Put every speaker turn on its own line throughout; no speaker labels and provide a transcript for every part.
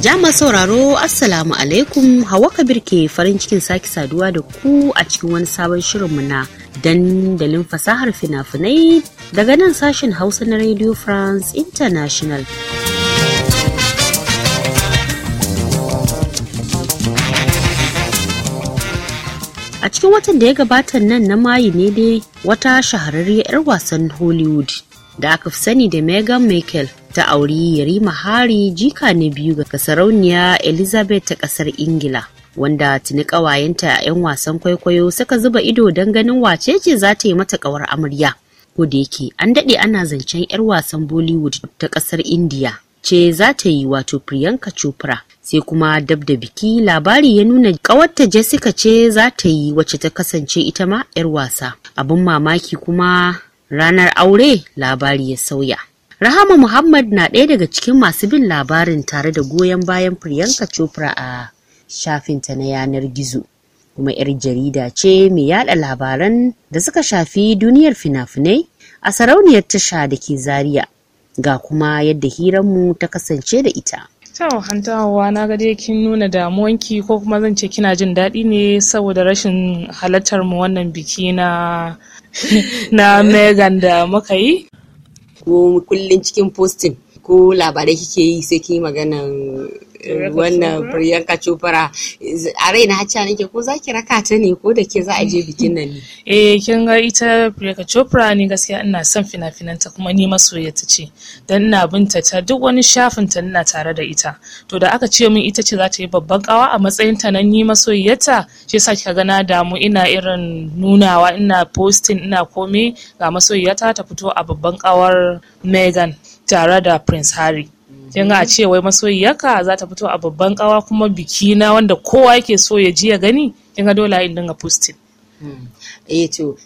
Jama sauraro Assalamu alaikum Hawa Kabir ke farin cikin sake saduwa da ku a cikin wani sabon shirinmu na dandalin fasahar fina-finai daga nan sashen Hausa na Radio France International. A cikin watan da ya gabata nan na Mayu ne dai wata shahararriyar 'yar wasan Hollywood da aka fi sani da megan Markle ta auri Yarima Hari jika na biyu ga sarauniya Elizabeth ta kasar Ingila. Wanda tuni ƙawayenta 'yan wasan kwaikwayo suka zuba ido don ganin wace ce za ta yi mata ƙawar amarya. Ko da yake an daɗe ana zancen 'yar wasan Bollywood ta ƙasar Indiya. ce za ta yi wato Priyanka Chopra sai kuma dab da biki labari ya nuna kawarta Jessica ce za ta yi wacce ta kasance ita ma 'yar wasa abin mamaki kuma ranar aure labari ya sauya Rahama Muhammad na ɗaya daga cikin masu bin labarin tare da goyon bayan Priyanka Chopra a shafinta na yanar gizo. Kuma 'yar jarida ce mai yada labaran da suka shafi duniyar fina-finai a sarauniyar tasha da ke Zariya, Ga kuma yadda hiranmu ta kasance da ita.
Kyau, hantawa na ga dai kin nuna damuwanki ko kuma zan ce kina jin daɗi ne saboda rashin halartar mu wannan biki na na Megan da
muka yi. ko kullum cikin postin ko labarai kike yi sai kin magana wannan Priyanka Chopra a na hacca nake ko za ki raka ta ne ko da ke za a je bikin nan ne eh
kin ga ita Priyanka Chopra ne gaskiya ina son fina-finanta kuma ni ta ce dan ina binta ta duk wani shafin ta ina tare da ita to da aka ce min ita ce za ta yi babban kawa a matsayin ta na ni ta shi yasa kika ga na damu ina irin nunawa ina posting ina komai ga masoyiyata ta fito a babban kawar Megan tare da Prince Harry kin ga a ce wai masoyiyarka za ta fito a babban kawa kuma biki na wanda kowa yake so ya ji ya gani kin ga dole in dinga posting
hmm. eh to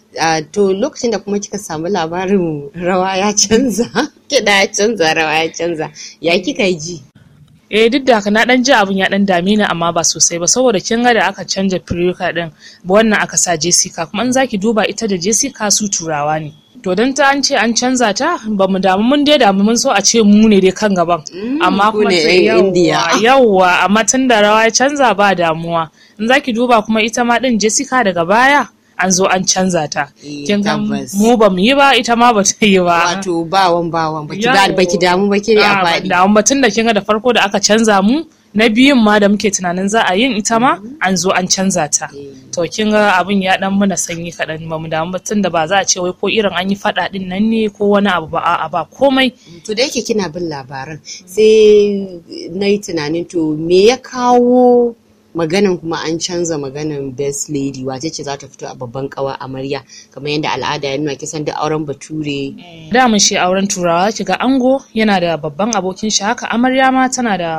to lokacin da kuma kika samu labarin rawa ya canza kida ya canza rawa ya canza ya kika ji eh duk da haka na dan ji abin ya dan dame ni amma
ba sosai ba saboda kin ga da aka canja Priuka din wannan aka sa Jessica kuma in zaki duba ita da Jessica su turawa ne to don ta an ce an canza ta ba mu damu mun dai damu mun so a ce mu ne dai kan gaban mm, amma kuma ce yawwa amma tun da rawa ya canza ba damuwa in zaki duba kuma ita ma din Jessica daga baya an zo an canza ta. Eh, kin ga mu ba mu yi ba ita ma ba ta yi ba. Wato bawan bawan baki da ki damu ne a ah, faɗi. Damu ba tun da kin ga da farko da aka canza mu na biyun ma da muke tunanin za a yin ita ma an zo an canza ta to kin ga abin ya dan mana sanyi kaɗan ba mu damu tun da ba za a ce wai ko irin an yi faɗa din nan ne ko wani abu ba a ba komai to da yake
kina bin labaran sai na yi tunanin to me ya kawo maganin kuma an canza maganin best lady wace ce za ta fito a babban kawa amarya kamar yadda al'ada ya nuna kisan da auren bature da mun shi auren turawa kiga ango
yana da babban abokin shi haka amarya ma tana da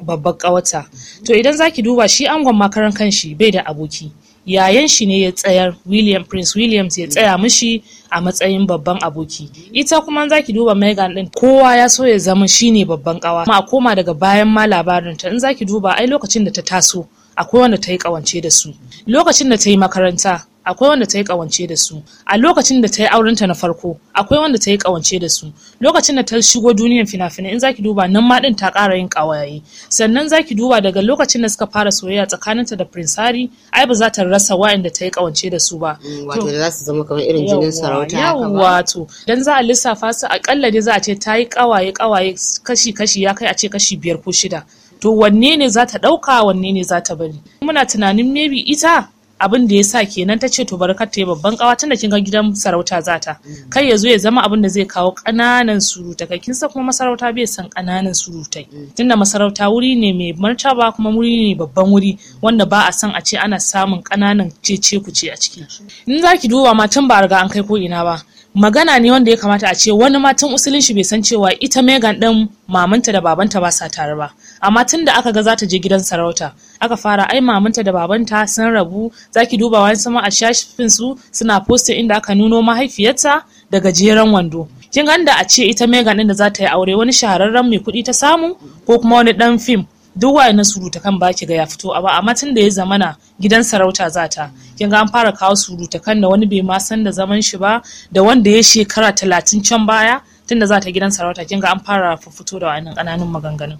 babban ƙawarta to idan zaki duba shi angon makaran kanshi bai da aboki yayan shi ne ya tsayar william prince williams ya tsaya mishi a matsayin babban aboki ita kuma za ki duba megan din kowa ya so ya zama ne babban kawa ma koma daga bayan ma labarin ta in za ki duba ai lokacin da ta taso akwai wanda ta yi kawance da su lokacin da ta yi makaranta akwai wanda ta yi kawance da su a lokacin da ta yi ta na farko akwai wanda ta yi kawance da su lokacin da ta shigo duniyar fina-finai in zaki duba nan ma din ta kara yin kawaye sannan zaki duba daga lokacin da suka fara soyayya tsakaninta da prince harry ai ba za ta rasa wa'anda ta yi kawance da su ba mm, wato da za
su zama kamar irin jinin sarauta haka ba
wato dan za a lissafa su a akalla ne za a ce ta yi kawaye kawaye kashi kashi ya kai a ce kashi biyar ko shida to wanne ne za ta ɗauka wanne ne za ta bari muna tunanin maybe ita abin da ya sa kenan ta ce to bari kar ta yi babban kawa tunda kin ga gidan sarauta zata kai ya zo ya zama abin da zai kawo ƙananan surutai kai kin san kuma masarauta bai san ƙananan surutai tunda masarauta wuri ne mai martaba kuma wuri ne babban wuri wanda ba a san a ce ana samun ƙananan cece ku ce a ciki in za ki duba ma tun ba a riga an kai ko ina ba magana ne wanda ya kamata a ce wani matan tun usulin shi bai san cewa ita Megan ɗin mamanta da babanta ba sa tare ba amma tun da aka ga za ta je gidan sarauta aka fara ai mamanta da babanta sun rabu zaki duba wani sama a shafin su suna posta inda aka nuno mahaifiyarta da gajeren wando kin ganda a ce ita Megan ɗin da za ta yi aure wani shahararren mai kuɗi ta samu ko kuma wani ɗan fim duk waye na surutu kan ba ki ga ya fito ba amma tun da ya zamana gidan sarauta za ta kin ga an fara kawo surutu kan da wani bai ma san da zaman shi ba da wanda ya shekara talatin can baya tun da za ta gidan sarauta kin ga an fara fito da wa'annan ƙananun maganganun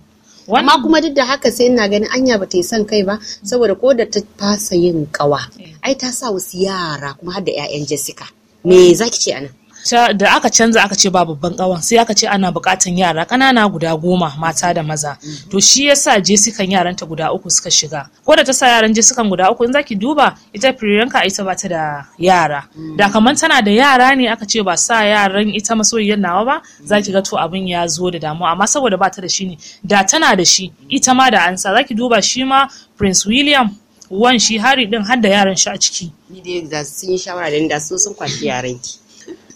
amma kuma
duk da haka sai ina ganin anya ba ta yi son kai ba saboda ko da ta fasa yin kawa eh. ai ta sa wasu yara kuma har da 'ya'yan Jessica me
zaki ce anan da aka canza aka ce ba babban kawan sai aka ce ana bukatan yara ƙanana guda goma mata da maza mm-hmm. to shi yasa jesikan yaran ta guda uku suka shiga ko da ta sa yaran jesikan guda uku in zaki duba ita firiyanka ita ba ta da yara mm-hmm. da kamar tana da yara ne aka ce ba sa yaran ita masoyiyar nawa ba zaki ga to abin ya zo da damuwa amma saboda ba ta da shi ne da tana da shi ita ma da ansa sa zaki duba shi ma prince william wan shi hari din har da yaran shi a ciki
ni dai da sun yi shawara da sun sun kwashi yaran ki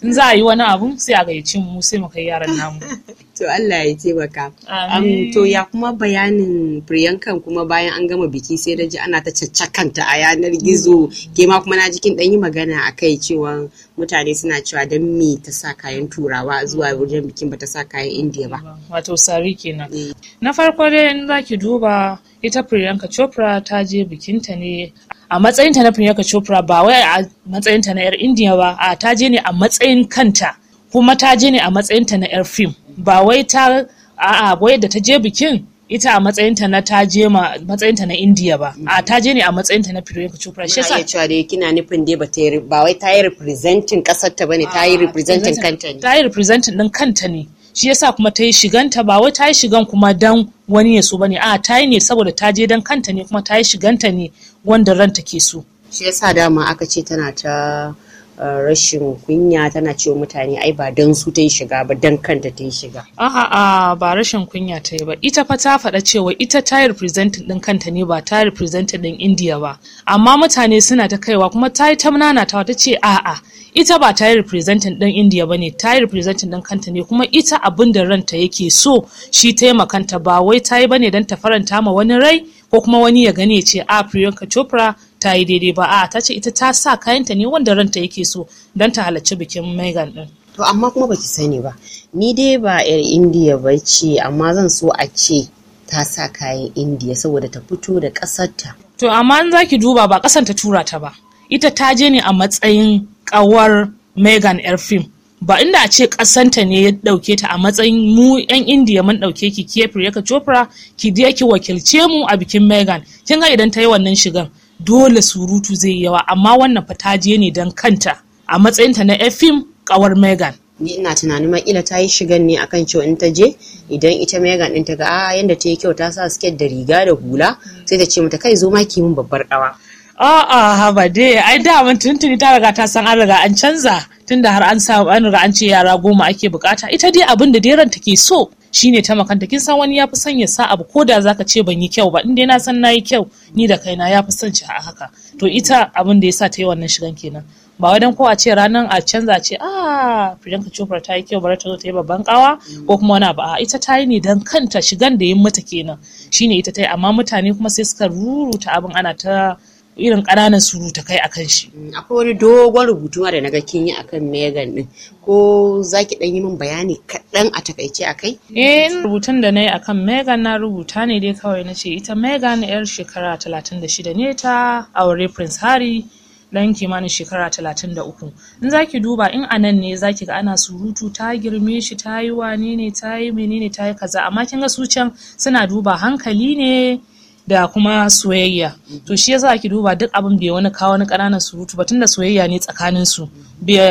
in za a yi wani abu sai a gayyace mu sai mu kai yaran namu
to Allah ya taimaka Amin. to ya kuma bayanin Priyanka kuma bayan an gama biki sai da ji ana ta caccakanta a yanar gizo ke ma kuma na jikin dan yi magana a kai cewa mutane suna cewa dan me ta sa kayan turawa zuwa wajen bikin ba ta sa kayan indiya ba
wato sari kenan eh. na farko dai in za ki duba ita priyanka chopra ta je bikinta ne a matsayin ta na Priyanka Chopra ba wai a matsayin ta na yar Indiya ba a ta je ne a matsayin kanta kuma ta je ne a matsayin ta na yar fim. ba wai ta a'a wai da ta je bikin ita a matsayin ta na ta je ma matsayin ta na Indiya ba a ta je ne a
matsayin ta na Priyanka Chopra shi yasa cewa da kina nufin dai ba ta ba wai ta yi representing kasar ta bane ta yi representing kanta ne ta yi representing din kanta ne shi yasa kuma
ta yi shiganta ba wai ta yi shigan kuma dan wani ya so ne? a ta yi ne saboda ta je dan kanta ne kuma ta yi shiganta ne wanda ranta
ke so shi yasa dama aka ce tana ta Eh, rashin kunya tana cewa mutane ai ba don su ta yi shiga ba don kanta ta yi shiga.
A'a a ba rashin kunya ta yi ba ita fa ta faɗa cewa ita ta yi representing ɗin kanta ne ba ta representing ɗin Indiya ba amma mutane suna ta kaiwa kuma ta yi ta ta ta ce a'a ita ba ta yi representing ɗin Indiya ba ne ta yi representing ɗin kanta ne kuma ita abin da ranta yake so shi taimakanta ba wai ta yi ba ne don ta faranta ma wani rai ko kuma wani ya gane ce a Priyanka Chopra ta yi daidai ba a ta ce ita ta sa kayanta ne wanda ranta yake so don ta halarci bikin megan din
to amma kuma baki sani ba ni dai ba yar indiya ba ce amma zan so a ce ta sa kayan indiya saboda ta fito da ƙasarta
to amma in zaki duba ba kasan ta tura ta ba ita ta je ne a matsayin ƙawar megan yar fim ba inda a ce kasanta ne ya ɗauke ta a matsayin mu 'yan indiya mun ɗauke ki ke Priyanka Chopra ki je ki wakilce mu a bikin Megan kin ga idan ta yi wannan shigan dole surutu zai yi yawa amma wannan fataje ne don kanta a matsayinta na fim kawar
megan ni ina tunanin ma ila ta yi shigan ne akan cewa in ta je idan ita megan din ta ga a ah, yanda ta yi kyau ta sa siket da riga da hula sai ta ce mata kai zo ma ki min babbar dawa
a'a haba dai ai da mun tuntuni ta riga ta san an riga an canza tunda har an samu an riga an ce yara goma ake bukata ita dai abin da dai ranta ke so Shi ne ta makanta kin san wani ya fi son ya sa abu ko da zaka ce ban yi kyau ba in dai na san yi kyau ni da kaina ya fi son shi a haka to ita abin da ya sa ta yi wannan shigan kenan ba wadan ko a ce ranar a canza ce a ah, ka Chopra ta yi kyau bari ta zo ta yi babban kawa ko kuma wani abu a ita ta yi ne dan kanta shigan da yin mata kenan ne ita ta yi amma mutane kuma sai suka ruruta abin ana ta irin ƙananan surutu kai kan shi
mm, akwai wani dogon rubutu da na ga kin yi akan Megan ɗin ko za ki ɗan yi min bayani kaɗan a takaice kai?
eh rubutun da na nayi akan Megan na rubuta ne dai kawai na ce ita Megan yar shekara 36 ne ta aure Prince Harry ɗan kimanin shekara uku. in za ki duba in a nan ne zaki ga ana surutu ta girme shi ta yi wane ne ta yi menene ta yi kaza amma kin ga su can suna duba hankali ne da kuma soyayya to shi yasa ki duba duk abin da ya wani kawo wani kananan surutu ba tunda soyayya ne tsakanin su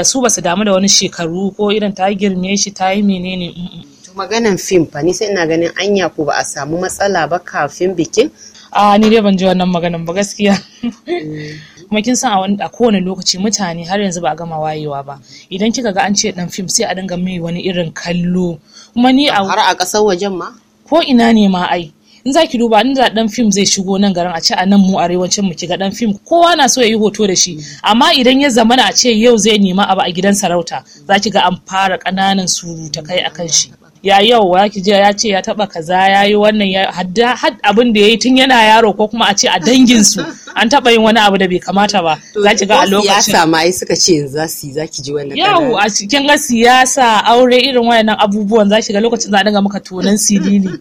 su ba su damu da wani shekaru ko irin ta girme shi ta yi menene mm, mm.
To maganan fim fa ni sai ina ganin anya ko ba a samu matsala ba kafin bikin a ni dai ban
ji wannan maganan ba gaskiya kuma kin san a kowane lokaci mutane har yanzu ba a gama wayewa ba idan kika ga an ce dan fim sai a dinga mai wani irin kallo kuma ni a har a kasar wajen ma ko ina ne ma ai in za ki duba in da dan fim zai shigo nan garin a ce a nan mu arewacin mu ki ga dan fim kowa na so ya yi hoto da shi amma idan ya zamana a ce yau zai nema abu a gidan sarauta za ki ga an fara ƙananan surutakai akan shi ya yau ya ki ya ce ya taba kaza ya yi wannan ya hadda had abin da ya yi tun yana yaro ko kuma a ce a dangin su an taba yin wani abu da bai kamata ba za ki ga a lokacin siyasa ma ai suka ce yanzu za
su yi. za ki ji wannan yau
a cikin ga siyasa aure irin wayannan abubuwan za ki ga lokacin za a dinga maka tonan silili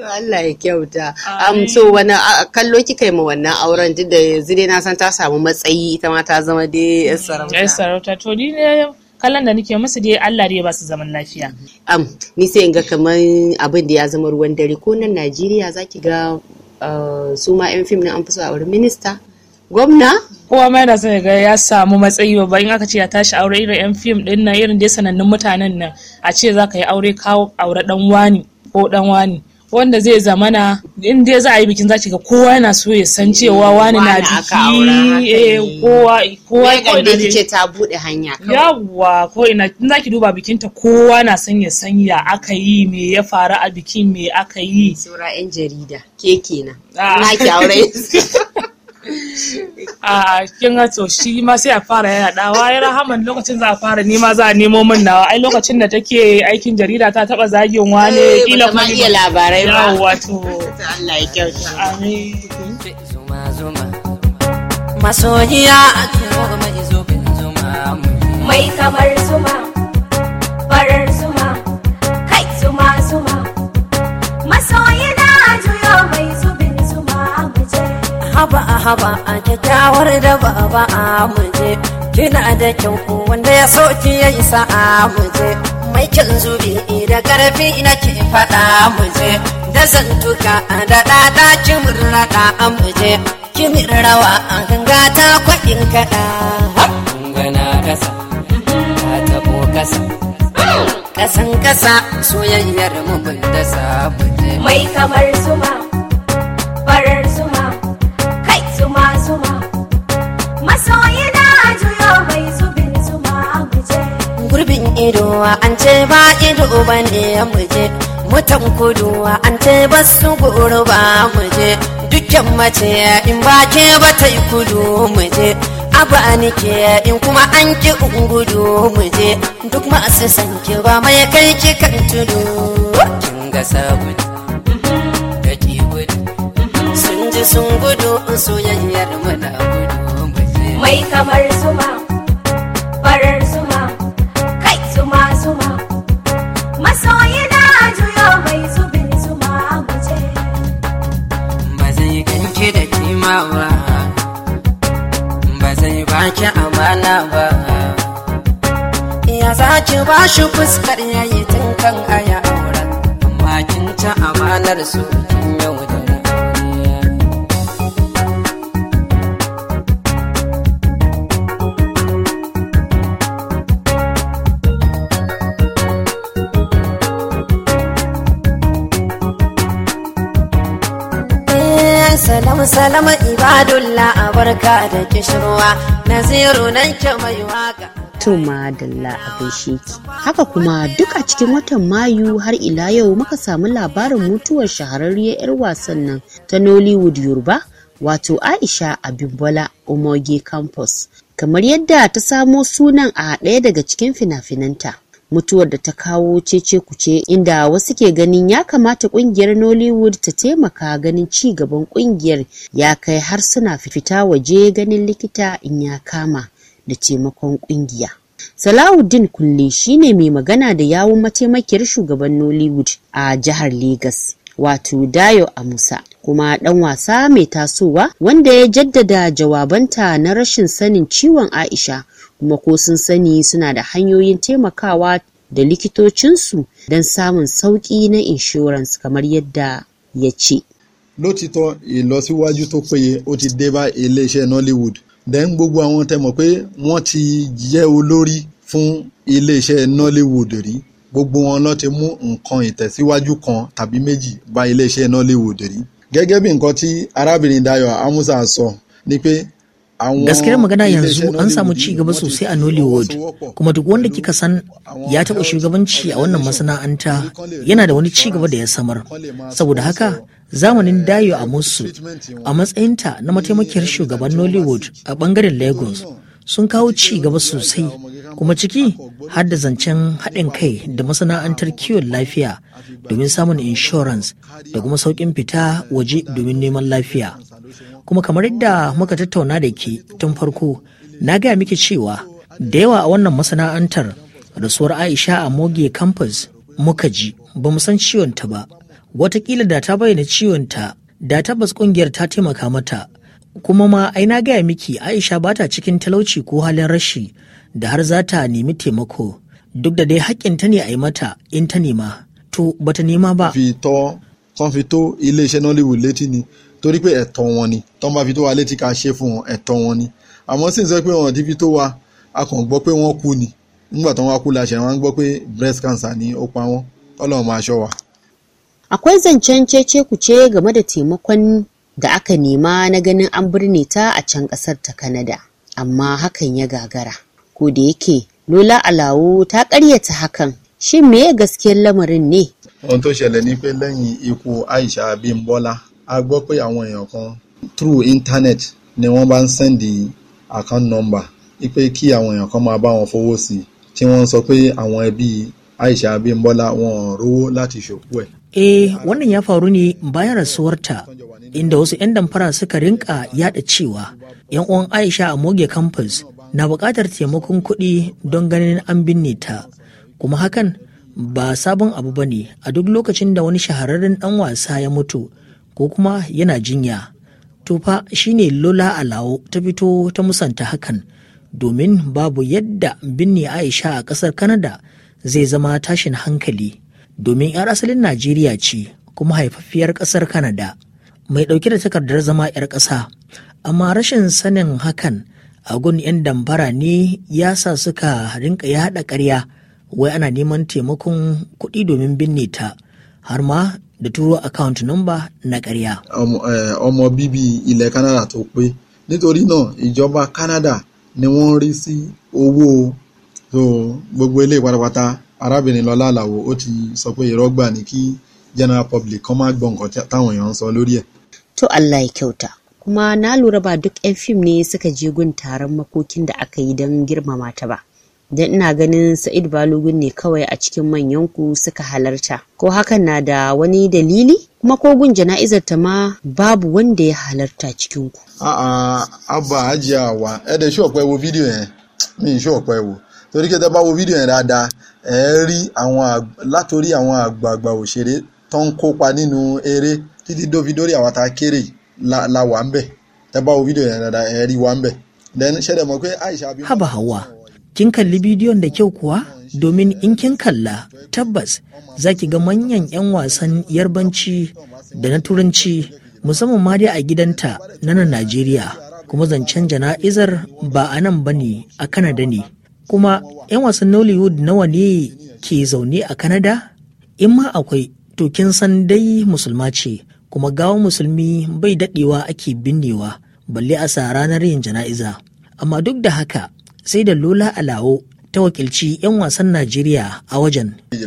To Allah ya kyauta. Am so wani kallo kika yi ma wannan auren duk da yanzu dai na san ta samu matsayi ita ma ta zama dai mm. yar sarauta. Yar sarauta
to ni ne kallon da nake musu dai Allah dai ba su zaman lafiya.
Am ni sai in ga kaman abin da ya zama ruwan dare ko nan Najeriya zaki ga uh, su ma 'yan fim na an fi so a wurin minista. gwamna
kowa mai da son ga ya samu matsayi babba in aka ce ya tashi aure irin yan fim din nan irin dai sanannun mutanen nan a ce za ka yi aure kawo aure dan wani ko dan wani wanda zai zamana in dai za a yi bikin za ga kowa yana so ya san cewa mm, wani na biki eh, kowa kowa ya ce ta bude hanya yawwa ko ina in za ki duba bikinta kowa na san ya san ya aka yi me ya faru a bikin me aka yi saura yan jarida ke kenan ah. na ki aure a kin ga to shi ma sai a fara yana yaɗawa ya rahaman lokacin za a fara nima za a nemo min nawa ai lokacin da take aikin jarida ta taba zagin wane
eh, kila kuma iya labarai ba wato
Allah ya kyauta amin masoyiya a tuwo zuma mai kamar zuma haba a haba a kyakkyawar da ba ba a muje kina da kyau ko wanda ya sauki ya isa a muje mai kyan zubi da karfi na ke faɗa muje da zantuka a da ɗaɗa ki raɗa a muje ki rawa a ganga ta kwaɗin kaɗa. Gana kasa, ta taɓo kasa. Kasan kasa soyayyar mu mun da samu Mai kamar zuma, farar ido an ce ba ido ba ne muje mutan kudu an ce ba su guru ba muje dukkan mace in ba ke ba ta yi kudu muje aba nike in kuma an ki gudu muje duk masu san ki ba mai kai ki kan tudu kin ga sabon mm-hmm. da ki gudu mm-hmm. sun ji sun gudu soyayyar mana gudu muje mai kamar su ma sake amana ba ya sake ba shi fuskar yayi tun kan aya auren amma kin ci amanar su kin yau da eh, salam salam ibadullah abarka da kishirwa Nasiru nan ce mai waka.
ma a gaishe ki. Haka kuma duk a cikin watan Mayu har ila yau muka samu labarin mutuwar shahararriyar 'yar wasan nan ta Nollywood Yoruba wato Aisha Abimbola Omoge Campus. Kamar yadda ta samo sunan a ɗaya daga cikin fina-finanta. mutuwar da ta kawo cece kuce inda wasu ke ganin ya kamata kungiyar Nollywood ta taimaka ganin ci gaban kungiyar ya kai har suna fita waje ganin likita in ya kama da taimakon kungiya. Salahuddin Kulle shine mai magana da yawun mataimakiyar shugaban Nollywood a jihar Legas. wato Dayo Amusa kuma ɗan wasa mai tasowa wanda ya jaddada jawabanta na rashin sanin ciwon Aisha kuma ko sun sani suna da hanyoyin taimakawa da likitocinsu don samun sauƙi na insurance kamar yadda ya ce.
lótìtọ́ ìlọsíwájú tó péye ó ti dé bá iléeṣẹ́ nollywood then gbogbo àwọn tẹ mọ̀ pé wọ́n ti jẹ́ olórí fún iléeṣẹ́ nollywood rí gbogbo wọn ló ti mú nǹkan ìtẹ̀síwájú kan tàbí méjì bá iléeṣẹ́ nollywood rí gẹ́gẹ́ bí nǹkan tí arábìnrin Dayọ̀ Amusa sọ ni pé gaskiyar magana yanzu an samu ci gaba sosai a nollywood
kuma duk wanda kika san ya taɓa shugabanci a wannan masana'anta yana da wani ci gaba da ya samar saboda haka zamanin dayo a musu a matsayinta na mataimakiyar shugaban nollywood a bangaren lagos sun kawo ci gaba sosai kuma ciki har da zancen haɗin kai da masana'antar kiwon lafiya domin samun insurance da kuma sauƙin fita waje domin neman lafiya kuma kamar yadda muka tattauna da ke tun farko na gaya miki cewa da yawa a wannan masana'antar rasuwar aisha a moge campus muka ji ba mu san ta ba Wataƙila da ta bayyana ciwon ta, da tabbas ƙungiyar ta taimaka mata kuma ma ai na gaya miki aisha ba ta cikin talauci ko halin rashi da har za ta nemi taimako duk da dai haƙƙin ta ne a yi mata in ta nema to bata nema
ba. fi tọ́ tán fi tó iléeṣẹ́ nollywood létí ni torí pé ẹ̀tọ́ wọn ni tán bá fi tó wa létí ká ṣe fún wọn ẹ̀tọ́ wọn ni àmọ́ sì ń sọ pé wọn ti fi tó wa a kàn gbọ́ pé wọ́n kú ni nígbà tán wá kú la ṣe wọn gbọ́ pé breast cancer ni ó pa wọ́n ọlọ́run máa ṣọ́ wa.
akwai zancen cece ku game da taimakon da aka nema na ganin an birne ta a can ƙasar ta Kanada, amma hakan ya gagara. Ko da yake Lola Alawo ta ƙaryata hakan, shin me gaskiyar lamarin ne?
Ohun tó ṣẹlẹ̀ ni pé lẹ́yìn ikú Aisha bimbola a gbọ́ pé àwọn èèyàn kan through internet ni wọ́n bá ń sẹ́ndì account number wípé kí àwọn èèyàn kan máa bá wọn fowó sí tí wọ́n sọ pé àwọn ẹbí Aisha bimbola wọn ò rówó láti ṣòkú ẹ̀.
Eh, wannan ya faru ne bayan rasuwarta inda wasu 'yan damfara suka rinka yada cewa 'yan uwan Aisha a Moge Campus na buƙatar taimakon kuɗi don ganin an binne ta. Kuma hakan ba sabon abu ba ne a duk lokacin da wani shahararren ɗan wasa ya mutu ko kuma yana jinya. Tufa shi ne Lola Alawo ta fito ta musanta hakan domin babu yadda binne Aisha a ƙasar Canada zai zama tashin hankali. domin 'yar asalin Najeriya ce kuma haifaffiyar ƙasar Kanada, mai ɗauke da takardar zama 'yar ƙasa, amma rashin sanin hakan a gun 'yan dambara ne ya sa suka rinka yaɗa ƙarya wai ana neman taimakon kuɗi domin binne ta har ma da turo account number na ƙarya.
ọmọ bibi ilẹ̀ Canada tó pé nítorí náà ìjọba Canada ni wọ́n rí sí owó gbogbo ilé pátápátá arábìnrin lọ́lá àlàó ó ti sọ pé irọ́ gbà kí general public kan máa gbọ́ nǹkan táwọn èèyàn ń sọ lórí ẹ̀. tó allah ya kyauta
kuma na lura ba duk 'yan fim ne suka je gun taron makokin da aka yi don girmama ta ba don ina ganin sa'id balogun ne kawai a cikin manyan ku suka halarta ko hakan na da wani dalili kuma ko gun jana'izar ta ma babu wanda ya halarta cikin ku
a'a abba hajiya wa ẹ dẹ ṣọpẹ wo ne min shi akwai wo torí pé tẹ́ bá wo fídíò yẹn dáadáa ẹ̀ ń rí àwọn látòrí àwọn àgbààgbà òṣèré tó ń kópa nínú eré títí dófin dórí àwọn tá a kéré la wà ń bẹ̀ ẹ bá wo fídíò yẹn dáadáa ẹ̀ rí wà ń bẹ̀ then ṣẹlẹ̀ mọ̀ pé Aisha bí. haba hawa kin kalli
bidiyon da kyau kuwa domin in kin kalla tabbas za ki ga manyan 'yan wasan yarbanci da na turanci musamman ma dai a gidanta na Najeriya kuma zancen jana'izar ba a nan ba ne a Kanada ne. kuma 'yan wasan nollywood nawa ne ke zaune a Kanada? in ma akwai tokin kin san dai musulma ce kuma gawan musulmi bai dadewa ake binnewa balle a sa ranar yin jana'iza amma duk da haka sai da lola alawo ta wakilci 'yan wasan najeriya a wajen
da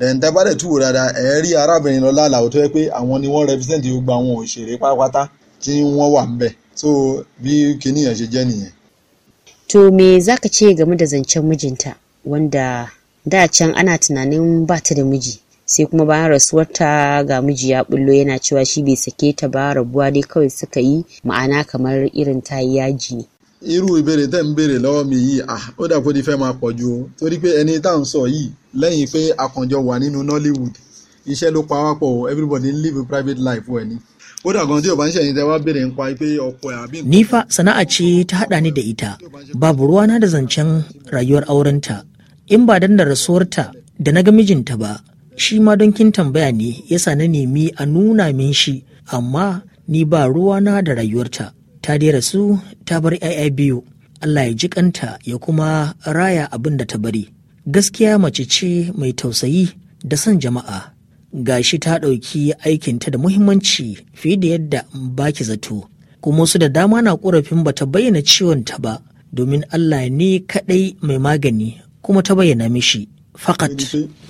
dẹ̀ǹdẹ́bá da túwò dáadáa ẹ̀ rí arábìnrin lọ́la àlàó tó yẹ pe awon ni won represent gbogbo gba òṣèré pátápátá papata tin won wa nbe so bi kini yan se je niyan
to me ka ce game da zancen mijinta wanda da can ana tunanin ba ta da miji sai kuma bayan rasuwarta ga miji ya bullo yana cewa shi bai sake ta ba rabuwa dai kawai suka yi ma'ana kamar irin ta yi yaji ne
Iru ibere tẹ́ bere béèrè mi yi ah o da ko di fẹ́ ma pọ̀ ju o torí ẹni tá à sọ Nollywood iṣẹ́ ló pa everybody live a private life wẹ̀
Nifa sana'a ce ta haɗa ni da ita babu ruwa na da zancen rayuwar aurenta in ba dan da rasuwarta da na ga mijinta ba shi ma don kin tambaya ne yasa na nemi a nuna min shi amma ni ba ruwana da rayuwarta ta dai rasu ta bar 'ya'ya biyu Allah ya jikanta ya kuma raya abin da ta bari gaskiya mace ce mai tausayi da son jama'a ga shi ta ɗauki aikinta da muhimmanci fiye da yadda baki zato kuma su da dama na ƙorafin ba ta bayyana ciwon ta ba domin Allah ne kaɗai mai magani kuma ta
bayyana mishi fakat.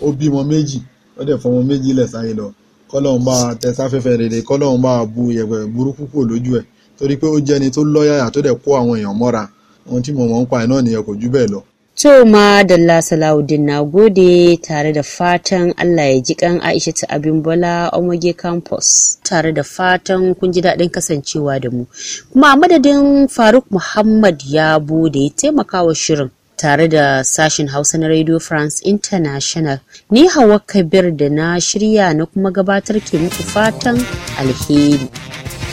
ó bímọ méjì ó dẹ̀ fọmọ méjì lẹ̀ sáyé lọ kọ́lọ́hún bá tẹ̀sáfẹ́fẹ́ rere kọ́lọ́hún bá bu yẹ̀pẹ̀ burúkú kò lójú torí pé ó jẹ́ni tó lọ́yàyà tó dẹ̀ kó àwọn èèyàn mọ́ra wọn tí mo mọ̀ ń pa ẹ̀ náà nìyẹn kò jù bẹ́ẹ̀ lọ.
To ma Dalla Salahuddin na gode tare da fatan Allah ya ji kan Aisha ta abin Bala Omage Campus tare da fatan kun ji daɗin kasancewa da mu. Kuma a madadin Faruk Muhammad ya da ya taimaka wa shirin tare da sashen Hausa na Radio France International. Ni Hawa Kabir da na shirya na kuma gabatar ke muku fatan alheri.